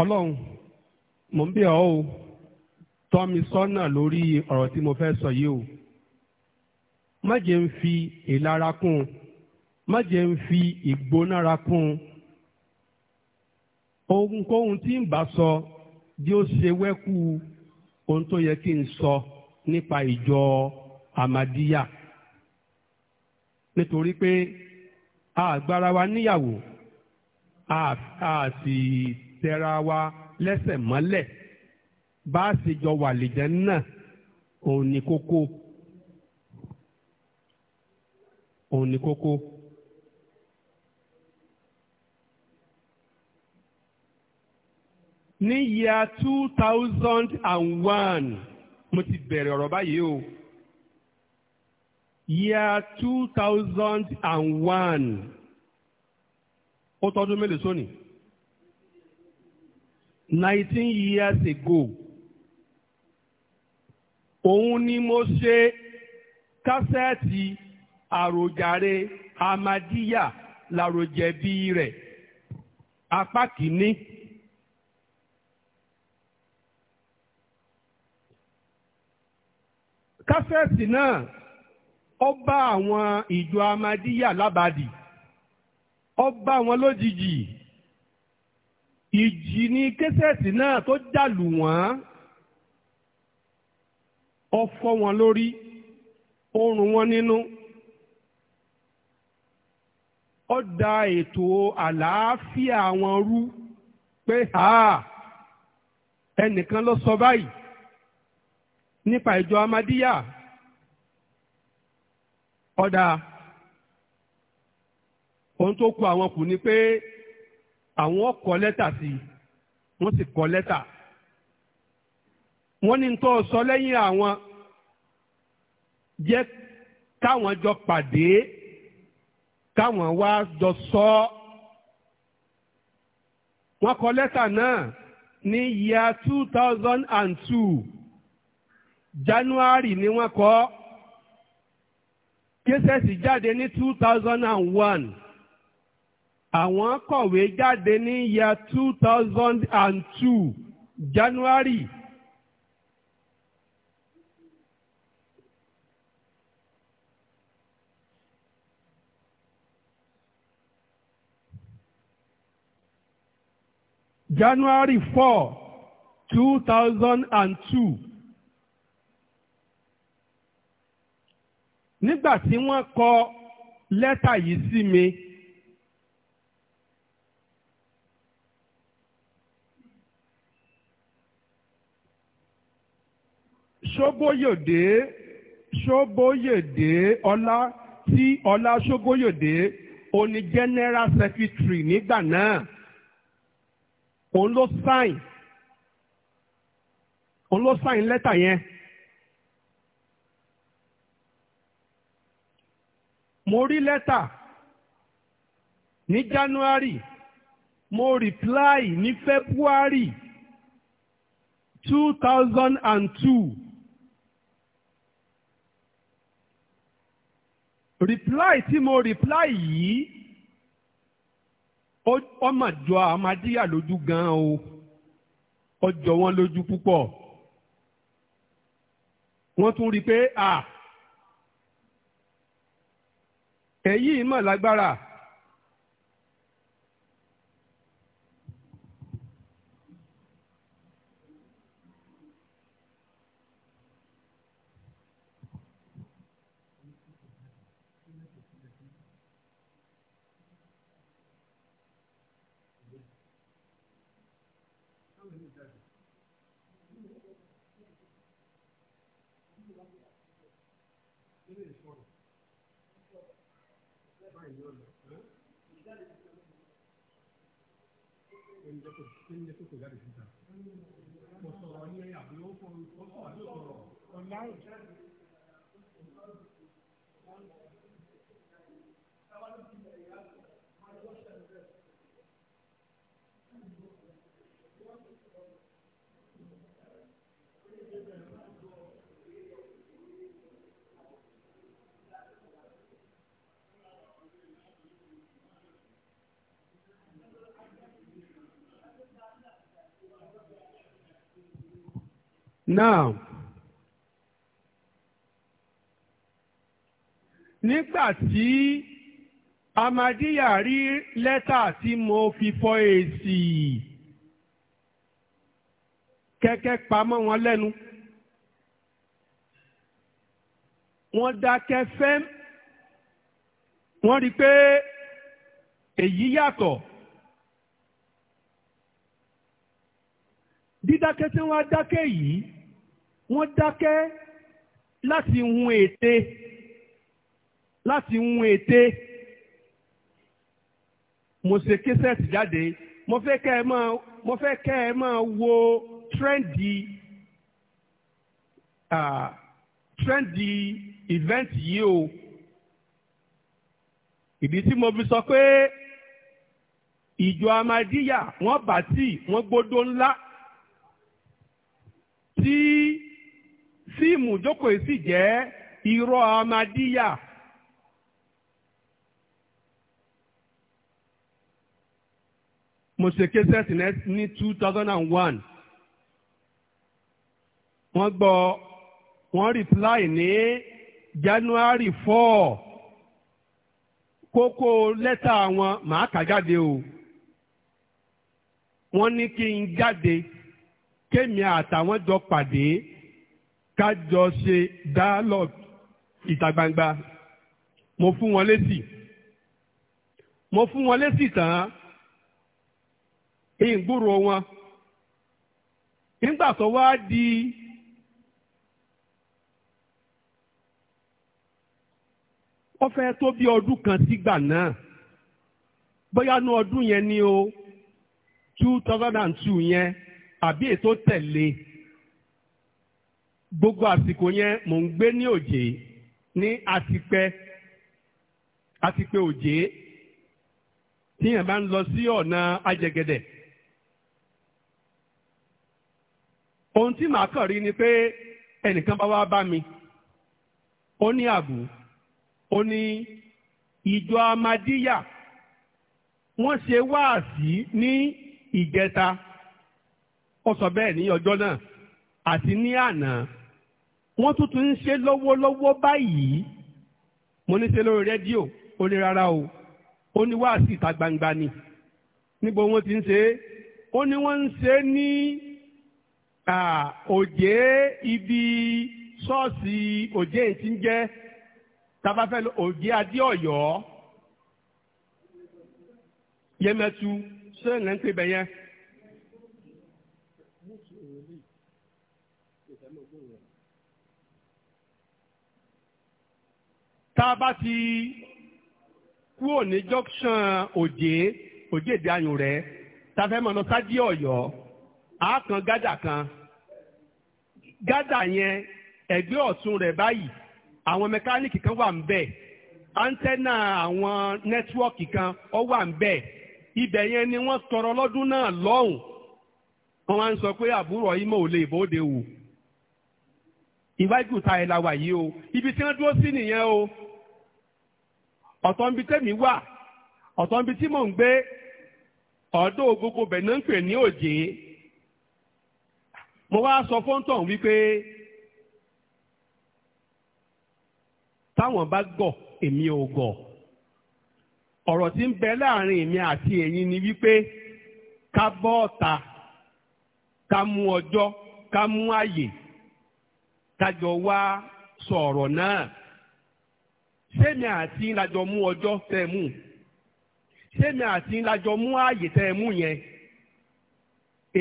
ọlọ́run mò ń bẹ̀ ọ́ o tọ́ mi sọ́nà lórí ọ̀rọ̀ tí mo fẹ́ sọ yìí o má jẹ́ ń fi ìlara kún un má jẹ́ ń fi ìgbónára kún un ohunkóhun tí ń bá sọ bí ó ṣe wẹ́kú ohun tó yẹ kí n sọ nípa ìjọ Ahmadiyya nítorí pé a wa níyàwó a sì tẹra wa lẹ́sẹ̀ mọ́lẹ̀ bá a ṣe jọ wà lìjẹ́ náà òun ni kókó òun ni kókó. ní yíya two thousand and one mo ti bẹ̀rẹ̀ ọ̀rọ̀ báyìí o year two thousand and one ó tọdún mélòó sónìí nineteen years ago òun ni mo ṣe kásẹ́ẹ̀tì àròjàre amadiya làròjẹ̀bí rẹ̀ apá kìíní. kásẹ́ẹ̀tì náà ó bá àwọn ìjọ amadiya lábàdì ó bá wọn lójijì ìjì ni késẹ́ẹ̀tì náà tó jàlù wọ́n ó fọ́ wọn lórí ó rún wọn nínú ó da ètò àlàáfíà wọn rú pé ha ẹnìkan ló sọ báyìí nípa ìjọ amadíyà ọ̀dà ohun tó kù àwọn kù ni pé àwọn kọ lẹ́tà sí wọ́n sì kọ lẹ́tà wọ́n ní tó sọ lẹ́yìn àwọn jẹ́ káwọn jọ pàdé káwọn wá jọ sọ wọ́n kọ lẹ́tà náà ní year two thousand and two January ni wọ́n kọ kéṣẹ́sì jáde ní two thousand and one àwọn kọ̀wé jáde ní year 2002, January January 4, 2002. thousand and two. nígbà tí wọ́n kọ lẹ́tà yìí sí mi. ṣóbóyòdé ṣóbóyòdé ọlá tí ọlá ṣóbóyòdé ó ní general secretary nígbà náà òun ló sign òun ló sign lẹ́tà yẹn. mo rí lẹ́tà ní January mo reply ní February two thousand and two. reply tí mo reply yìí ó mà jọ Ahmadiyya lójú gan o ó jọ wọ́n lójú púpọ̀ wọ́n tún rí i pé à èyí mà lágbára. Online. now nígbà tí amadiya rí lẹ́tà tí mo fi fọ èsì kẹ́kẹ́ pamọ́ wọn lẹ́nu wọ́n dákẹ́ fẹ́ wọ́n rí pé èyí yàtọ̀ dídákẹ́ tí wọ́n dákẹ́ yìí wọ́n dákẹ́ láti hun ète láti hun ète mo ṣe késẹ́ẹ̀tì jáde mo fẹ́ kẹ́ ẹ máa mo fẹ́ kẹ́ ẹ máa wo trendy uh, tírẹ́ǹdì ìvẹ́ǹtì yìí o ìdí tí mo fi sọ pé ìjọ amadíyà wọ́n bàtì wọ́n gbódó ńlá tí. Si, síìmù jókòó yìí sì jẹ́ irọ́ amadíyà. mo ṣe késẹ́sì ní two thousand and one wọ́n gbọ́ wọ́n reply ní January four kókó lẹ́tà wọn màá kà jáde o wọ́n ní kí n jáde kémi àtàwọn jọ pàdé kájọ ṣe dialogue ìta gbangba mo fún wọn lésì mo fún wọn lésì tán ìgbúrò wọn nígbà tó wá di ó fẹ́ tó bí ọdún kan sígbà náà bóyá ní ọdún yẹn ni o two thousand and two yẹn àbí ètò tẹ̀lé. gbogbo àsìkò yẹn mò ń gbé ní òjè ní àtìpẹ́ àtìpẹ́ òjé tíyẹn bá ń lọ sí ọ̀nà ajẹgẹdẹ. ohun tí màá kàn rí ni pé ẹnìkan bá wá bá mi ó ní àbù ó ní ìjọ amadíyà wọ́n ṣe wáàsí ní ìjẹta ó sọ bẹ́ẹ̀ ní ọjọ́ náà àti ní àná wọ́n tún tún ń ṣe lọ́wọ́lọ́wọ́ báyìí mo ní ṣe lórí rédíò ó ní rárá o ó ní wáàsí ìta gbangba ni níbo wọ́n ti ń ṣe é ó ní wọ́n ń ṣe é ní òjé ibi ṣọ́ọ̀ṣì òjé ti ń jẹ́ tabafẹ́ òjé adéọ̀yọ́ yẹmẹtu ṣé ẹ̀ ń pè bẹ́yẹn. tá a bá ti kúrò ní junction òjé òjé èdè ayùn rẹ tá a fẹ́ mọ̀ lọ sájí ọ̀yọ́ a kan gádà kan gádà yẹn ẹ̀gbẹ́ ọ̀tún rẹ̀ báyìí àwọn mẹkáníìkì kan wà ń bẹ̀ áńtẹ́nà àwọn nẹ́tíwọ́ọ̀kì kan ó wà ń bẹ̀ ibẹ̀ yẹn ni wọ́n tọrọ lọ́dún náà lọ́hùn wọ́n wá ń sọ pé àbúrò ìmọ̀ ò lè bóde wù iwájú ta ẹ̀ la wà yìí o ibi tí wọ́n dúró sí nìyẹn o ọ̀tọ̀ níbi tẹ́mi wà ọ̀tọ̀ níbi tí mò ń gbé ọ̀dọ́ gbogbo bẹ̀ náà ń pè ní òjé mo wá sọ fọ́ńtọ̀n wípé táwọn bá gọ̀ èmi ò gọ̀ ọ̀rọ̀ tí ń bẹ láàrin èmi àti ẹ̀yin ni wípé ká bọ́ ọ̀tá ká mú ọjọ́ ká mú àyè ká jọ wá sọ ọ̀rọ̀ náà. sẹ́mi àti ńlájọ mú ọjọ́ tẹ́ ẹ mú sẹ́mi àti ńlájọ mú ààyè tẹ́ ẹ mú yẹn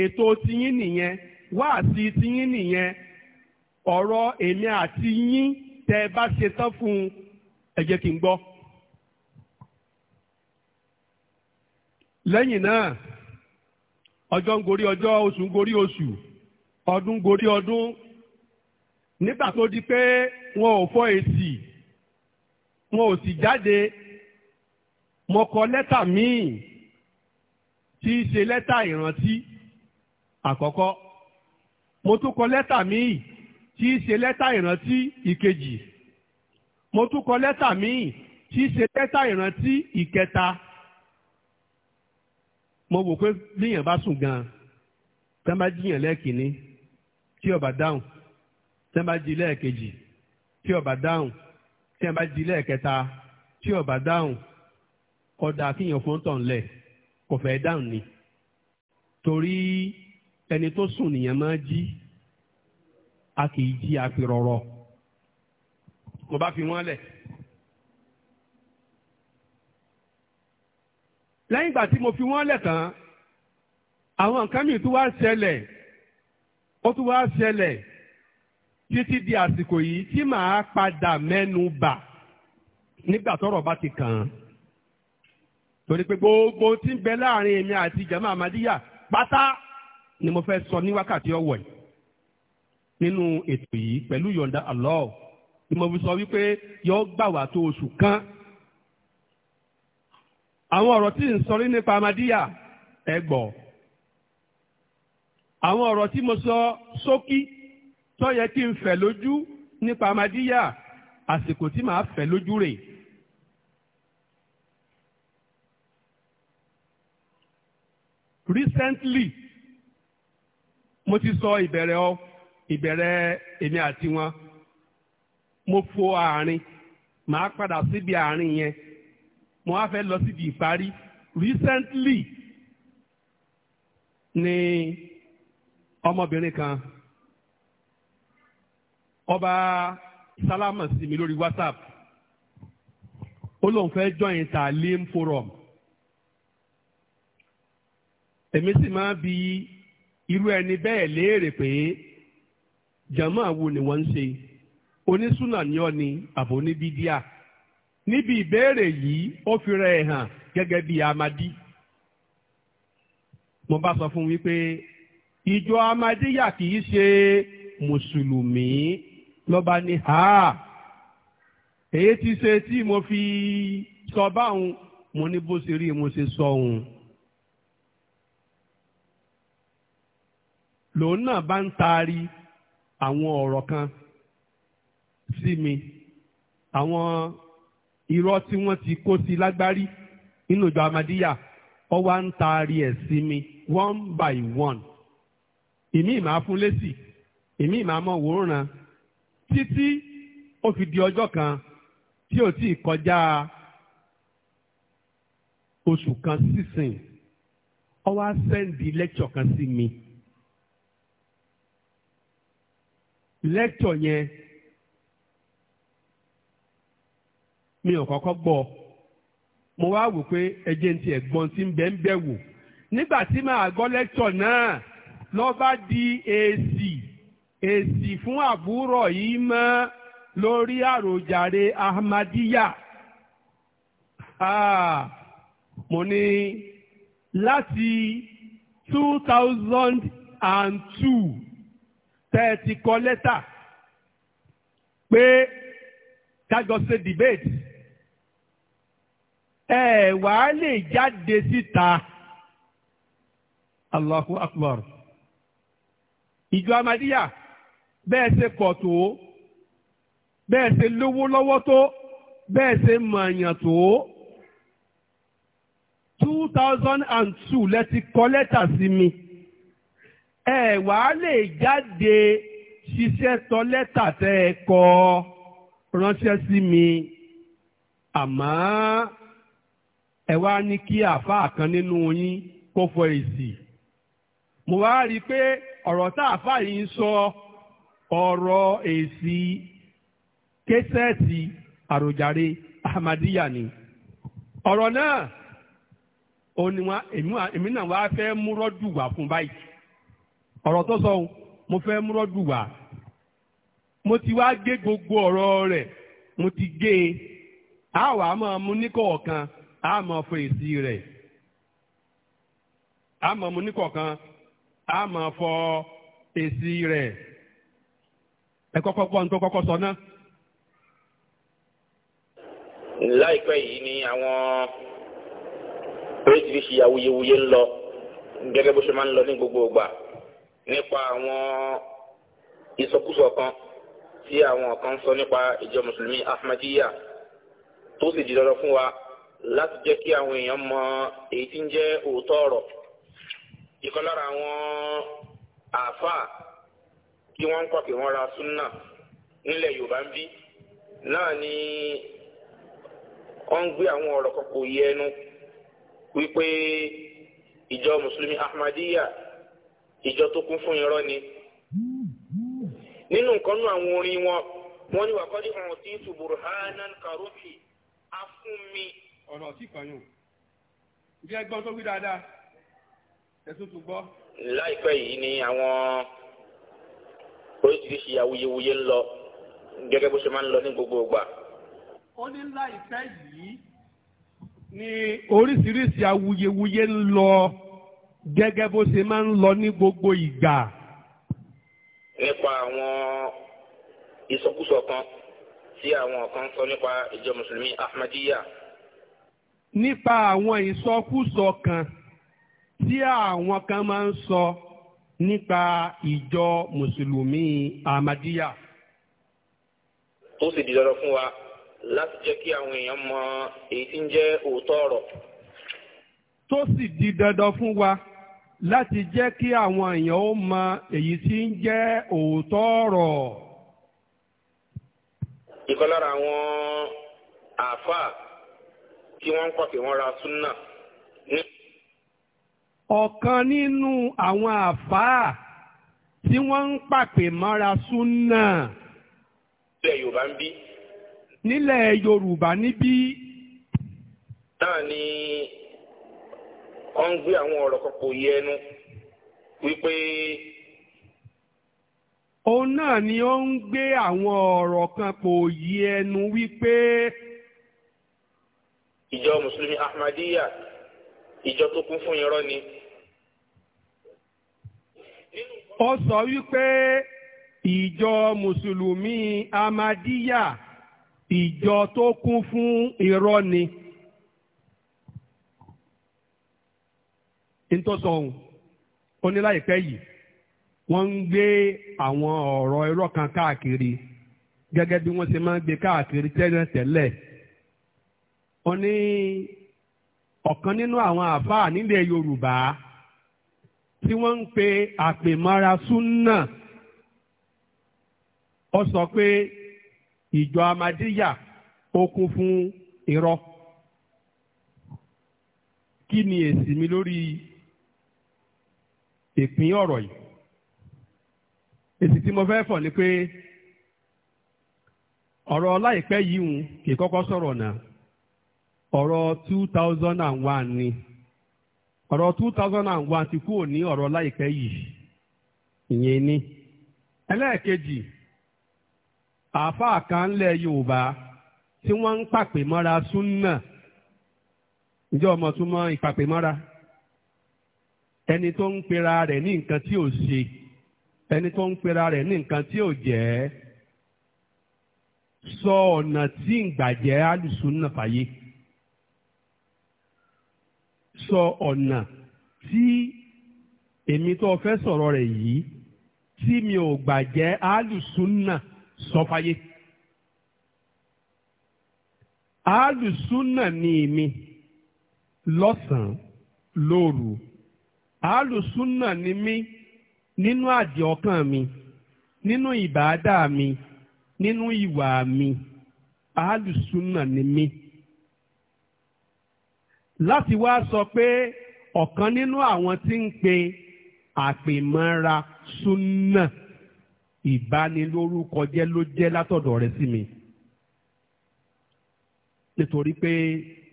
ètò tiyín nìyẹn wáàsí tiyín nìyẹn ọ̀rọ̀ èmi àti yín tẹ́ ẹ bá ṣe tán fún un ẹ jẹ́ n gbọ́. lẹ́yìn náà ọjọ́ ń gorí ọjọ́ oṣù ń gorí oṣù ọdún gorí ọdún nígbà tó di pé wọn ò fọ èsì wọn ò sì jáde mo kọ lẹ́tà míì tí í ṣe lẹ́tà ìrántí àkọ́kọ́ mo tún kọ lẹ́tà míì tí í ṣe lẹ́tà ìrántí ìkejì mo tún kọ lẹ́tà míì tí í ṣe lẹ́tà ìrántí ìkẹta mo wò pé bíyàn bá sùn gan-an tẹ́ bá jiyàn lẹ́ẹ̀kínní tí ó bá dáhùn tẹ́ bá jí lẹ́ẹ̀kejì tí ó dáhùn tí wọ́n bá di lẹ́ẹ̀kẹta tí ó bá dáhùn kódà kíyàn fún tọ̀ ńlẹ̀ kò fẹ́ dáhùn ni torí ẹni tó sùn nìyẹn máa jí a kì í jí apirọ̀rọ̀ mo bá fi wọ́n lẹ̀. lẹ́yìn ìgbà tí mo fi wọ́n lẹ̀ tán àwọn nǹkan mìíràn tó wá ṣẹlẹ̀ ó tó wá ṣẹlẹ̀ títí di àsìkò yìí tí màá padà mẹ́nu bà nígbà tọ́rọ̀ bá ti kàn án torí pé gbogbo tí ń bẹ láàrin èmi àti jama amadiya pátá ni mo fẹ́ sọ ní wákàtí ọ̀wọ̀ yìí nínú ètò yìí pẹ̀lú yọ̀ǹda Allah ni mo fi sọ wípé yóò gbà wá tó oṣù kan àwọn ọ̀rọ̀ tí ń sọ nípa amadiya ẹ gbọ́ àwọn ọ̀rọ̀ tí mo sọ sókí. So, tó yẹ kí n fẹ̀ lójú nípa amadíyà àsìkò tí màá fẹ̀ lójú rẹ̀. recently mo ti sọ ìbẹ̀rẹ̀ ọ ìbẹ̀rẹ̀ èmi àti wọn mo fo àárín màá padà síbi àárín yẹn mo wá fẹ́ lọ síbi ìparí recently ni ọmọbìnrin kan ọba sálámà sí mi lórí whatsapp ó lóun fẹ́ join talim forum èmi sì máa bi irú ẹni bẹ́ẹ̀ léèrè pé jàmáà wo ni wọ́n ń ṣe onísùnà ni ọ́ ni àbò oníbídíà níbi ìbéèrè yìí ó fi rẹ̀ ẹ̀ hàn gẹ́gẹ́ bí amadi mo bá sọ fún wípé ìjọ amadiya kì í ṣe mùsùlùmí lọ́ba ní ha èyí ti ṣe tí mo fi sọ báwọn mo ní bó ṣe rí mo ṣe sọ òun. lòun náà bá ń taari àwọn ọ̀rọ̀ kan sí mi àwọn irọ́ tí wọ́n ti kó sí lágbárí nínú ìjọ amadíyà ó wá ń taari ẹ̀ sí mi one by one èmi ìmọ̀ afúnlẹ́sì èmi ìmọ̀ amọ̀wòrán títí ó fi di ọjọ́ kan tí ò tí ì kọjá oṣù kan sísìn ó wá sẹ́ndì lẹ́kṣọ̀ kan sí mi. lẹ́kṣọ̀ yẹn mi ò kọ́kọ́ gbọ́ mo wá wò pé ẹjẹ́ ti ẹ̀gbọ́n tí ń bẹ ń bẹ̀ wò nígbà tí màá gbọ́ lẹ́kṣọ̀ náà ló bá di èsì. E èsì fún àbúrò yìí mọ́ lórí àròjàre ahmadiyya ah, mo ní láti two thousand and two thirty kọ lẹ́tà pé kájọ ṣe debate ẹ wà á lè jáde síta Allahu Akbar ìjọ Ahmadiyya. bẹ́ẹ̀ ṣe pọ̀ tó bẹ́ẹ̀ ṣe lówó lọ́wọ́ tó bẹ́ẹ̀ ṣe mọ̀ọ̀yàn tó two thousand and two lẹ ti kọ lẹ́tà sí mi ẹ wàá lè jáde ṣiṣẹ́ tọ lẹ́tà tẹ́ ẹ kọ ránṣẹ́ sí mi àmọ́ ẹ wá ní kí àáfàá kan nínú yín kó fọ èsì mo wá rí i pé ọ̀rọ̀ tá àáfàá yìí ń sọ. So, Ọrọ èsì késẹ́ẹ̀tì àròjàre ahmadiyya ni ọ̀rọ̀ náà èmi náà wá fẹ́ múrọ́dù wá fún báyìí ọ̀rọ̀ tó sọ mo fẹ́ múrọ́dù mo ti wá gé gbogbo ọrọ rẹ. mo ti gé e a wà á máa mú ní kọ̀ọ̀kan a máa fọ èsì rẹ. a máa mú ní kọ̀ọ̀kan a máa fọ èsì rẹ. ẹ kọ́kọ́ gbọ́ ohun tó kọ́kọ́ sọ náà. láìpẹ́ yìí ni àwọn oríṣiríṣi awuyewuye ń lọ gẹ́gẹ́ bó ṣe máa ń lọ ní gbogbo ìgbà nípa àwọn ìsọkúsọ kan tí àwọn kan sọ nípa ìjọ mùsùlùmí ahmadiyya tó sì di dandan fún wa láti jẹ́ kí àwọn èèyàn mọ èyí tí ń jẹ́ òótọ́ ọ̀rọ̀ ìkan lára àwọn àáfàá tí wọ́n ń pàpè wọ́n ra súnà nílẹ̀ yorùbá ń bí náà ni wọ́n ń gbé àwọn ọ̀rọ̀ kan kò yẹ ẹnu wípé ìjọ mùsùlùmí ahmadiyya ìjọ tó kún fún irọ́ ni nínú nǹkan àwọn orin wọn wọ́n ni wàkọ́dí ọ̀rọ̀ tí tùbùrù hanan karofi afúnmi. ọ̀rọ̀ tí kan yóò gbọ́n tó wí dáadáa ẹ̀sùn tó gbọ́. láìpẹ́ yìí ni àwọn. oríṣiríṣi awuyewuye ń lọ gẹ́gẹ́ bó ṣe máa ń lọ ní gbogbo ìgbà. ó ní láìpẹ́ yìí ni oríṣiríṣi awuyewuye ń lọ gẹ́gẹ́ bó ṣe máa ń lọ ní gbogbo ìgbà. nípa àwọn ìsọkúsọ kan tí àwọn kan sọ nípa ìjọ mùsùlùmí ahmadiyya. nípa àwọn ìsọkúsọ kan tí àwọn kan máa ń sọ. So nípa ìjọ mùsùlùmí ahmadiyya. ó sì di dandan fún wa láti jẹ́ kí àwọn èèyàn mọ èyí tí ń jẹ́ òótọ́ ọ̀rọ̀. tó sì di dandan fún wa láti jẹ́ kí àwọn èèyàn ó mọ èyí tí ń jẹ́ òótọ́ ọ̀rọ̀. ìkan lára àwọn àáfàá tí wọ́n ń pàpè wọ́n ra súnà ní. ọ̀kan nínú àwọn àfáà tí wọ́n ń pàpè mọ́ra súnà. nílẹ̀ yorùbá ń bí. nílẹ̀ yorùbá níbí. náà ni wọ́n ń gbé àwọn ọ̀rọ̀ kan kò yẹ ẹnu wípé. òun náà ni ó ń gbé àwọn ọ̀rọ̀ kan kò yẹ ẹnu wípé. ìjọ mùsùlùmí ahmadiyya ìjọ tó kún fún irọ́ ni. ó sọ wípé ìjọ mùsùlùmí amadíyà ìjọ tó kún fún irọ́ ni. ntọ́sọ̀ ọ̀hún ó ní láìpẹ́ yìí wọ́n ń gbé àwọn ọ̀rọ̀ irọ́ kan káàkiri gẹ́gẹ́ bí wọ́n ṣe máa ń gbé káàkiri tẹ́lẹ̀ tẹ́lẹ̀. ó ní. ọ̀kan nínú àwọn àfáà nílẹ̀ Yorùbá tí wọ́n ń pe àpèmọ́ra súnà ọ sọ pé ìjọ amadíyà okun fún irọ́ kí ni èsì mi lórí ìpín ọ̀rọ̀ yìí èsì tí mo fẹ́ fọ̀ ni pé ọ̀rọ̀ láìpẹ́ yìí ń kì í kọ́kọ́ sọ̀rọ̀ náà ọ̀rọ̀ two thousand and one ni ọ̀rọ̀ two thousand and one ti kúrò ní ọ̀rọ̀ láìpẹ́ yìí ìyẹn ni ẹlẹ́ẹ̀kejì àáfàá kan ńlẹ̀ Yorùbá tí wọ́n ń pàpè mọ́ra súnà ǹjẹ́ ọmọ tún mọ ìpàpè mọ́ra ẹni tó ń pera rẹ̀ ní nǹkan tí ò ṣe ẹni tó ń pera rẹ̀ ní nǹkan tí ò jẹ́ sọ ọ̀nà tí ń gbàjẹ́ alùsùn náà fàyè. sọ ọ̀nà tí èmi tó fẹ́ sọ̀rọ̀ rẹ̀ yìí tí mi ò gbà jẹ́ alùsùnà sọ fáyé. alùsùnà ni èmi lọ́sàn-án lóru alùsùnà ni mí nínú àdì ọkàn mi nínú ìbáadá mi nínú ìwà mi alùsùnà ni mí láti wá sọ pé ọ̀kan nínú àwọn tí ń pe àpèmọ́ra súnà ìbanilórúkọjẹ́ ló jẹ́ látọ̀dọ̀ rẹ̀ sí mi nítorí pé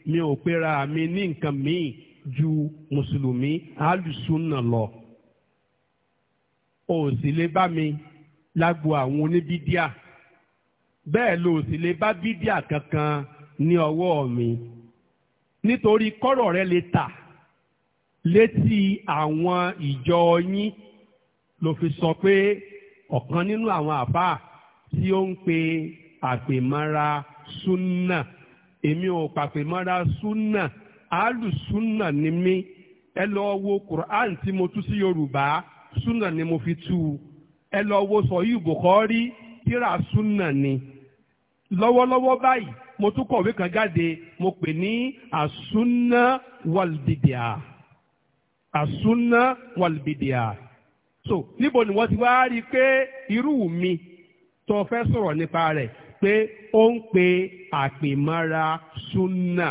mi ò pera mi ní nǹkan míì ju mùsùlùmí alùsùnà lọ o sì lè bá mi lágbo àwọn oníbídíà bẹ́ẹ̀ lo ò sì lè bá bídíà kankan ní ọwọ́ mi nítorí kọ́rọ̀ rẹ lè tà létí àwọn ìjọ yín ló fi sọ pé ọ̀kan nínú àwọn àfáà tí ó ń pe àpèmọ́ra súnà èmi ò pàpèmọ́ra súnà àálù súnà ni mí ẹ lọ wo Quran tí mo tú sí Yorùbá súnà ni mo fi tú u ẹ lọ wo sọ yìí Bukhari tíra súnà ni lọ́wọ́lọ́wọ́ báyìí mo tún kọ̀wé kan jáde mo pè ní àsúná wàlbìdìà àsúná wàlbìdìà so níbo ni wọ́n ti wá rí i pé irú mi tó fẹ́ sọ̀rọ̀ nípa rẹ̀ pé ó ń pe àpèmọ́ra súnà